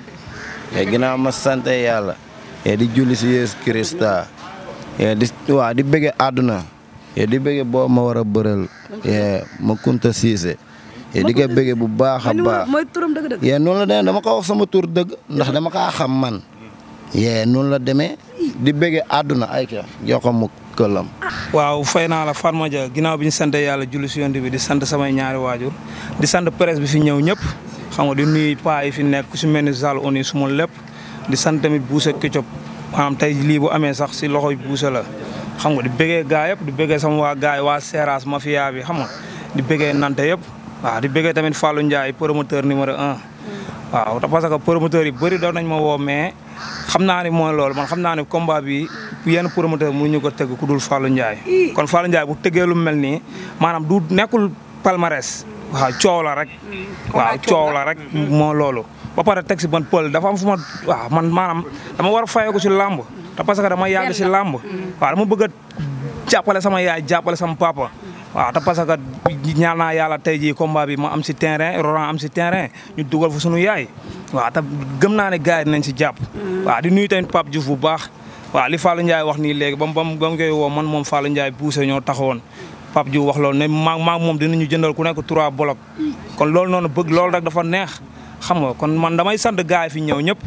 ñëpp te eh, ginnaaw ma sant yàlla e di julli si Yeesu Kirista e di waa di bëgge àdduna e di bëgge boo ma war a bëral ma Kunta Siise e di ko bëgge bu baax a baax yee noonu la demee ko sama tur dëgg ndax dama kaa xam man yee noonu la demee di bëgge àdduna ay ca jox ko mu këllam waaw fay naa la Fatma Dia ginnaaw bi ñu sant yàlla julli si yoon bi di sant samay ñaari waajur di sant presse bi fi ñëw ñëpp xam nga di nuyu paa yi fi nekk si mel ni Zal Oni suma lépp di sant tamit Boussa Ketchup maanaam tey lii bu amee sax si loxoy Boussa la xam nga di bëggee gaa yëpp di bëggee sama waa gaa yi waa Seras mafia bi xam ma woo xam naa ne mooy loolu man xam naa ne combat bi yenn promoteur mënuñu ko tëgg ku dul Fallou Ndiaye kon Fallou Ndiaye bu tëggee lu mel nii maanaam du nekkul palmarès waaw coow la rek. Mm. waaw coow la rek mm. moo loolu. ba pare teg si man pël dafa am fu ma waaw man maanaam dama war a fayoo ko si làmb. te parce que dama yàgg si làmb. Mm. waaw dama bëgg a jàppale sama yaay jàppale sama papa. waaw te parce que ñaan a yàlla tey jii combat bi ma am si terrain Laurent am si terrain ñu dugal fa sunu yaay. waaw te gëm naa ne gars yi si jàpp. waaw di nuyu tamit Pape Diouf bu baax. waaw li Fallou Ndiaye wax nii léegi ba mu ba mu koy woo man moom Fallou Ndiaye poussé ñoo taxawoon. Pape Diouf wax loolu ne maa maa moom dinañu jëndal ku nekk trois blocs kon loolu noonu bëgg loolu rek dafa neex xam nga kon man damay sant gars yi fi ñëw ñëpp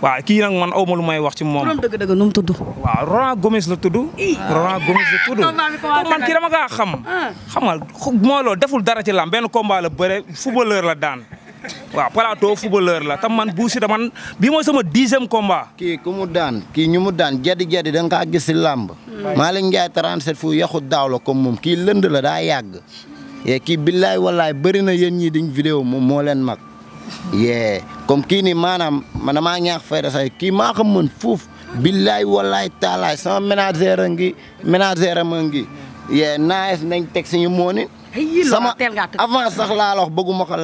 waaw kii nag man aw ma lu may wax ci moom. loolu dëgg-dëgg nu mu tudd. waaw Roland Gomes la tudd. Roland Gomes la tudd. man kii dama kaa xam. Ah. xam nga mooy loolu deful dara ci lam benn combat la bëre footballeur la daan. waaw Plateau footballeur la tam man Bou Siteu man bii mooy sama dixième combat. kii ku mu daan kii ñu mu daan jadi jadi dan ka kaa gis si làmb. Hmm. Malick Ndiaye 37 fu yaxu daaw la comme moom kii lënd la daa yàgg. yee kii billaay wallaay bëri na yéen ñii diñ vidéo moom moo leen mag. yee comme kii nii maanaam man damaa ñaax fayda say kii maa ko mën fuuf. billaay wallaay taalaay sama ménagère a ngi ménagère ma ngi. yee naaj nañ teg si ñu moo ni sama avant sax laa wax bëgguma ko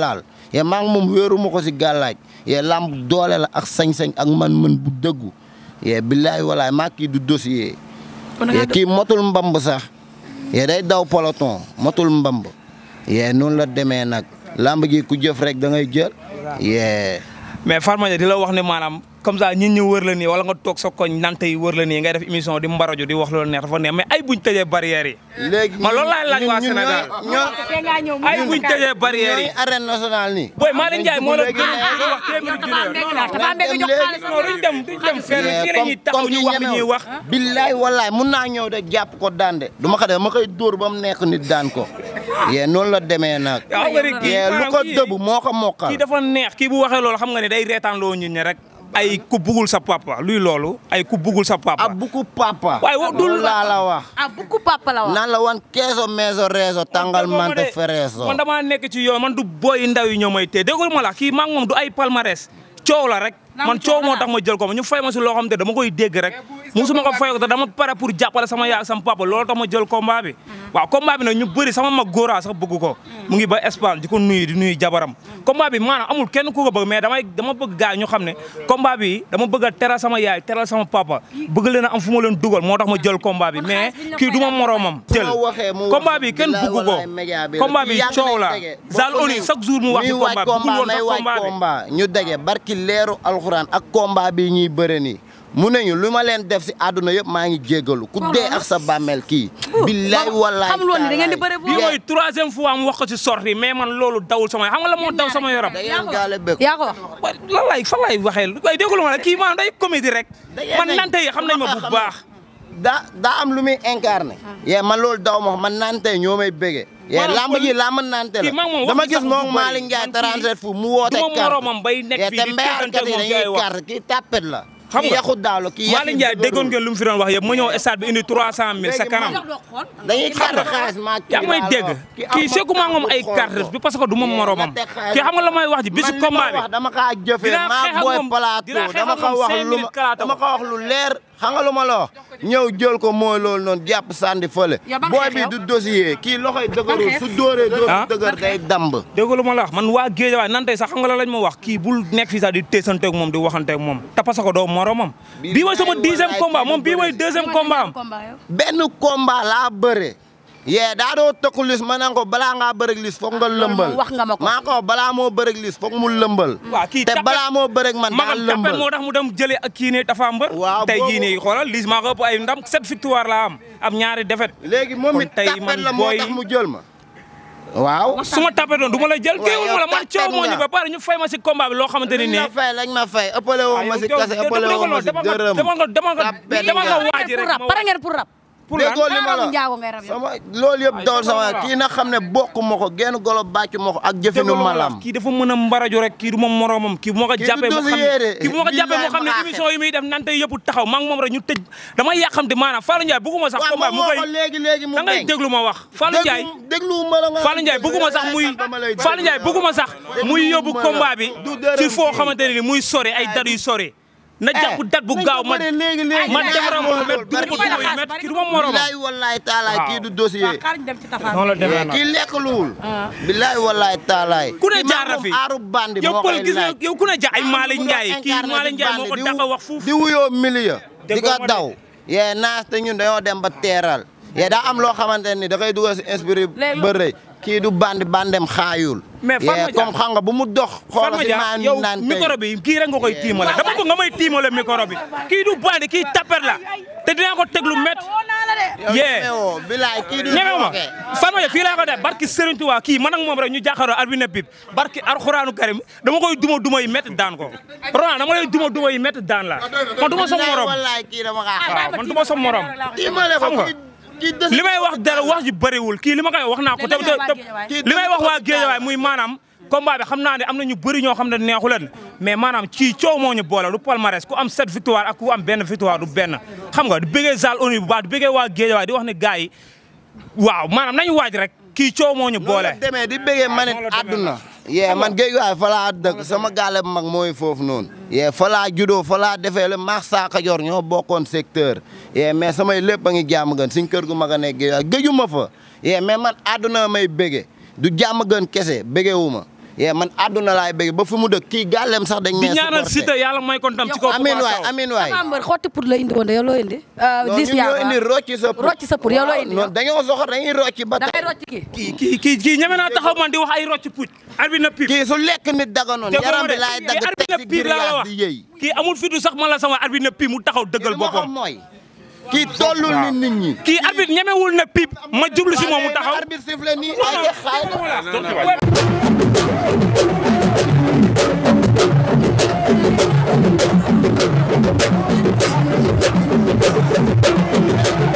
ye maa ngi moom wéeru ma ko si gàllaaj ye làmb doole la ak sañ-sañ ak man-man bu dëggu ye billaay walaay maa kii du dossier ye kii motul mbamb sax yé day daw peloton motul mbamb ye noonu la demee nag làmb gi ku jëf rek da ngay jël mais Farma di wax ne maanaam comme ça ñit ñi wër la nii wala nga toog sa koñ nante yi wër la nii ngay def émission di mbaraju di wax loolu neex dafa neex mais ay buñ tëjee barrières yi léegi ma loolu laay laaj waa Sénégal ah, ay buñ tëjee barrières yi arène nationale nii booy Malick Ndiaye moo la gën a wax téeméeri ah, junni non duñ dem duñ dem fenn fii la ñuy taxaw ñu wax li ñuy wax billaay wallaay mun naa ñëw de jàpp ko daan de du ma ko def ma koy dóor ba mu nekk nit daan ko yee noonu la demee nag yee lu ko dëbb moo ko mokkal kii dafa neex kii bu waxee loolu xam nga ne day reetaan loo ñun ñi rek ay ku bugul sa papa luy loolu ay ku sa papa. a buku papa. waaye dul laa la wax. a buku papa la wax. naan la wan keeso meeso reeso tàngal mante fereeso. man damaa nekk ci yoon man du booy ndaw yi ñoo may tee déggul ma la kii maa ngi du ay palmarès coow la rek. man coow moo tax ma jël ko ma ñu fay ma si loo xam te dama koy dégg rek musuma ko fayoo te dama pare pour tax ma jël combat bi mm-hmm. waaw combat bi nag ñu bëri sama mag góoraa sax bëgg ko mm. mu ngi ba Espagne di ko nuyu di nuyu jabaram mm. combat bi maanaam amul kenn ku ko bëgg mais damay dama bëgg gars ñu xam ne combat bi dama bëgg a teral sama yaay teral sama papa bëgg leen a am fu ma leen dugal moo tax ma jël combat bi mais kii du ma moroomam jël combat bi kenn bëgg ko combat bi coow la zal oni chaque jour mu wax ci combat bi bëggul woon alxuraan ak combat bi ñuy bëre nii mu ne ñu lu ma leen def si àdduna yëpp maa ngi jéggalu ku dee ak sa bàmmeel kii. billaay wallaay xamul woon ni da ngeen di bëre bu bii mooy troisième fois mu wax sorti mais man loolu daw sama yaram. da ngeen gaale bëgg yaa ko wax. lan laay fan kii maanaam day comédie rek. man nante yi xam ma bu baax. daa daa am lu muy incarné. Ah. yee man loolu daw ma man nante ñoo may bëggee. yee lamb ji lamb la dama gis moom Malick Ndiaye 37 fu mu woote carte yee te mbéykat yi dañuy carte kii tapet la. xam nga yàqu kii Malick Ndiaye déggoon ngeen lu mu fi doon wax yëpp ma ñëw stade bi indi 300000 sa kanam. dañuy carte xaalis kii yaa may kii seku maa moom ay carte parce que du ma moromam. kii xam la may wax ji bisu combat bi dama kaa jëfee maa booy plateau dama ko wax lu dama ko wax lu leer xam nga lu ma la wax ñëw jël ko mooy loolu noonu jàpp sànni fële. boo bi du dossier kii loxoy dëgëru su dóoree dóor ah? dëgër day damb. déglu ma la wax man waa géej waaye nante sax xam nga la lañ ma wax kii bul nekk fii sax di teesanteeg moom di waxanteek moom te parce que doo moromam. bii mooy sama dixième combat moom bii mooy deuxième combat am. benn combat laa bëre. yee daa doo tëkku lis ma ne ko balaa ngaa bërëg lis foog nga ah, lëmbal wax nga ma ko maa ko balaa moo bërëg lis foog mu lëmbal waaw kii te balaa moo bërëg man daa lëmbal moo tax mu dem jëlee ak kii ne dafa mbër waaw tey jii nii xoolal lis maa ko ay ndam sept victoire la am am ñaari défaite léegi moom it tapet la moo mu jël ma waaw su ma tapetoon du ma la jël teewul ma la man coow moo ñu ba pare ñu fay ma si combat bi loo xamante ne nii lañ ma fay lañ ma fay ëppale woo ma si ma si dërëm demal nga demal nga waaj rek pare pour lan sama loolu yëpp kii na xam ne bokk ma ko genn golo bàcc ma ko ak jëfinu malam kii dafa mën a mbaraju rek kii du ma moromam kii bu ma ko jàppee moo xam ne kii bu ma ko yi muy def nante yëpp taxaw maa ngi moom rek ñu tëj dama yàqamte maanaam Fallou Ndiaye bëgguma sax combat mu koy léegi léegi a da ngay déglu ma wax Fallou Ndiaye déglu ma la nga Fallou Ndiaye bëgguma sax muy Fallou Ndiaye bëgguma sax muy yóbbu combat bi ci foo xamante ne ni muy sore ay dar yu sore na eh, jàpp dat bu gaaw ma man defaral ma met dugg ko suuy du ma moroom. bilaay wallaay taalaay kii du dossier. kii lekk luwul. bilaay wallaay taalaay. ku ne jaara bandi moo koy laaj ay Malick Ndiaye kii Malick Ndiaye moo ko dafa wax fuuf. di wuyoo milieu. di daw. yee naas te ñun dañoo dem ba teeral. yee daa am loo xamante ne da koy dugal kii du bandi bandem xaayul. mais Fatma eh, comme xam nga bu mu dox. Fatma Dia yow micro bi kii rek nga koy tiimale dama ko nga may tiimale micro bi kii du bandi kii tapet la te dinaa ko teg lu métti. yow bilaay kii du ñemewuma Fatma Dia fii laa ko def barki Serigne Touba kii man ak moom rek ñu jàkkaaroo arbitre bi barki alxuraanu karim dama koy duma duma yi métti daan ko. Ronan dama lay duma duma yi métti daan la du ma sa morom. waaw ah, man du ma morom. tiimale ko li may wax dara wax ji bëriwul kii li ma koy wax naa ko. li may wax waa Géejawaay muy maanaam. combat bi xam naa ne am na ñu bëri ñoo xam ne neexu leen mais maanaam ci coow moo ñu boole du palmarès ku am sept victoire a ku am benn victoire du benn xam nga du bëggee Zal Oni bu baax du bëggee waa Géejawaay di wax ne gars yi waaw maanaam nañu waaj rek kii coow moo ñu boole. demee di bëggee ma ah, ne àdduna yee man Guédiawaye fa laa dëkk sama gaale bu mag mooy foofu noonu. yee fa laa juddoo fa laa defee la maax saaka jor ñoo bokkoon secteur. yee mais samay lépp a ngi jàmm gën suñ kër gu mag a nekk Guédiawaye géeju fa. yee mais man àdduna may bége du jàmm gën kese bégewu ma. yee man àdduna laay bëgg ba fu mu dëkk kii gàllem sax dañ may supporté di ñaanal Siteu may ko ndam ci kaw amiin waay amiin waay la indi woon de yow loo indi euh, dis yaa ñoo indi rocci sa pour rocci sa pour yow loo indi dañoo soxor dañuy rocci ba tey kii kii kii ñeme naa taxaw man di wax rocci puuj kii su lekk nit daganoon yaram bi laay dagg teg ci biir yaa kii amul fitu sax ma la sama arbi na piir mu taxaw dëggal boppam mooy kii tollul ni nit ñi. kii arbitre ñemewul na pip ma jublu si mu taxaw arbitre sifflé nii ay xaay Thank you.